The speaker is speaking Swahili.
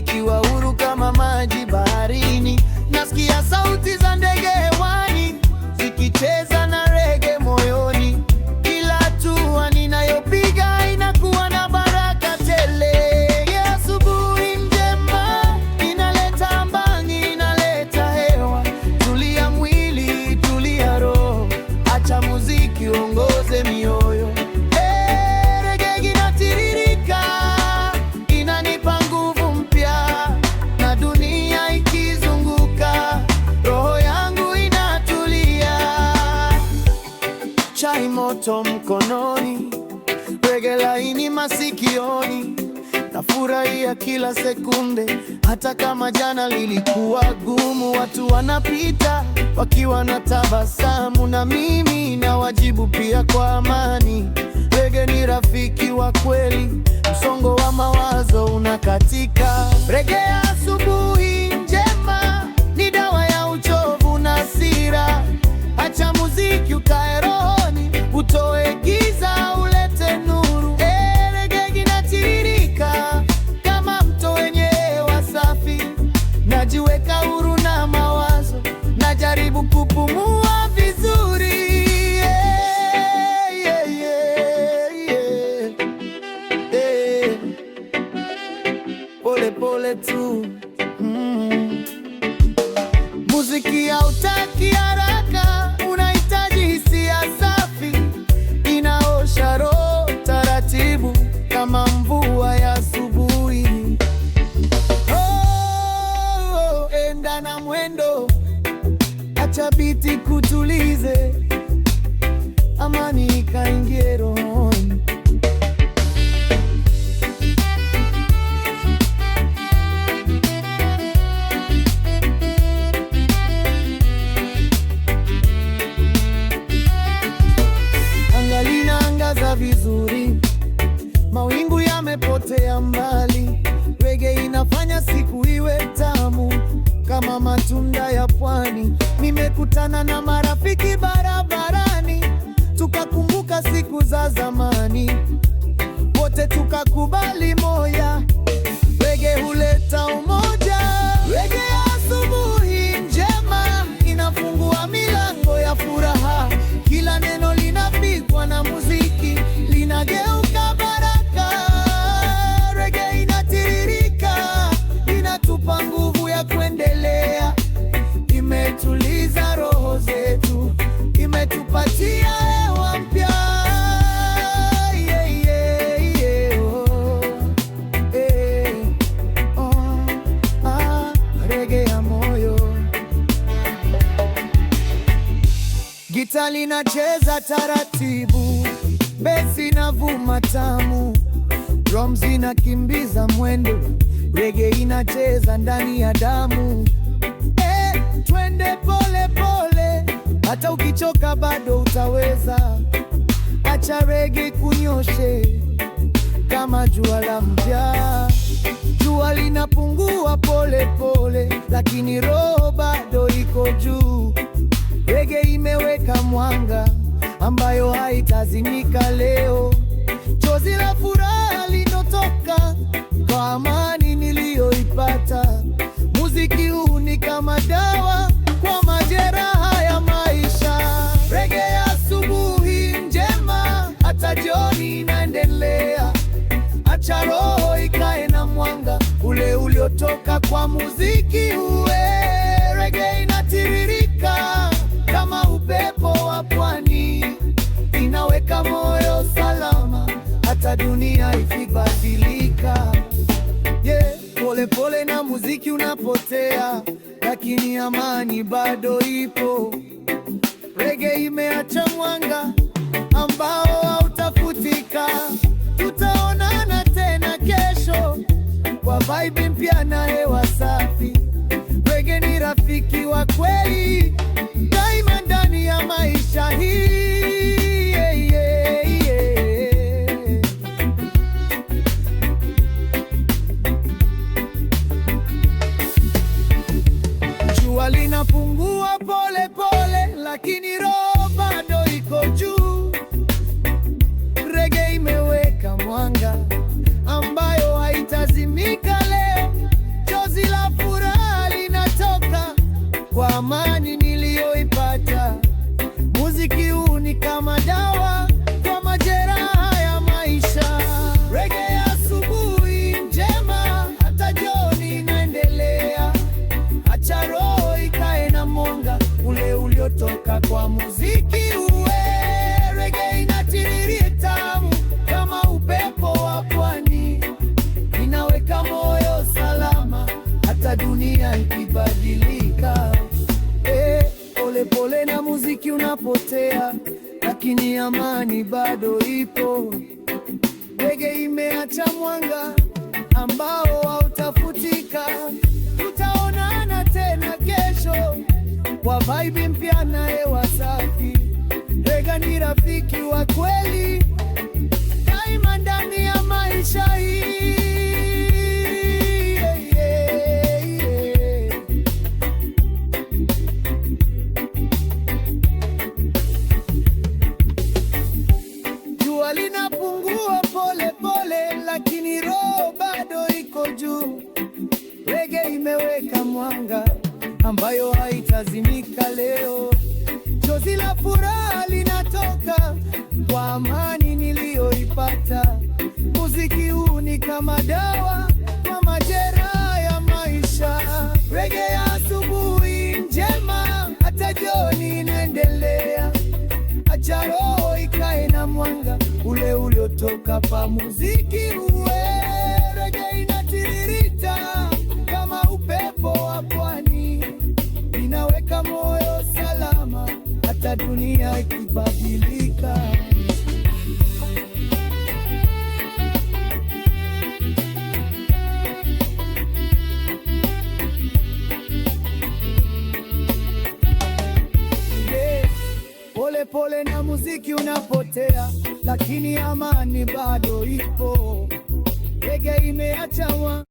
nikiwa nafurahia kila sekunde, hata kama jana lilikuwa gumu. Watu wanapita wakiwa na tabasamu, na mimi na wajibu pia kwa amani. Ndege ni rafiki wa kweli, msongo wa mawazo una pole pole tu mm. Muziki hautaki haraka, unahitaji hisia safi, inaosha roho taratibu kama mvua ya asubuhi. Oh, oh, oh enda na mwendo, acha biti kutulize kukutana na marafiki barabarani, tukakumbuka siku za zamani, wote tukakubali moyo gitaa linacheza taratibu, besi na vuma tamu, drums inakimbiza mwendo, rege inacheza ndani ya damu. Eh, twende pole pole, hata ukichoka bado utaweza. Acha rege kunyoshe kama jua la mchana. Jua linapungua pole pole, lakini roho bado iko juu. itazimika leo, chozi la furaha linotoka kwa amani niliyoipata. Muziki huu ni kama dawa kwa majeraha ya maisha, rege ya asubuhi njema, hata jioni inaendelea. Acha roho ikae na mwanga ule uliotoka kwa muziki huu. dunia ikibadilika, yeah, pole pole na muziki unapotea, lakini amani bado ipo. Reggae imeacha mwanga ambao hautafutika. Tutaonana tena kesho kwa vibe mpya na hewa safi. Reggae ni rafiki wa kweli daima ndani ya maisha hii. how amani bado ipo, ndege imeacha mwanga ambao hautafutika. Tutaonana tena kesho kwa vibe mpya na hewa safi. Ndege ni rafiki wa kweli. yetu. Rege imeweka mwanga ambayo haitazimika leo. Chozi la furaha linatoka kwa amani niliyoipata. Muziki huu ni kama dawa kwa majeraha ya maisha. Rege ya asubuhi njema, hata jioni inaendelea. Acha roho ikae na mwanga ule uliotoka pa muziki upole na muziki unapotea, lakini amani bado ipo. Reggae imeacha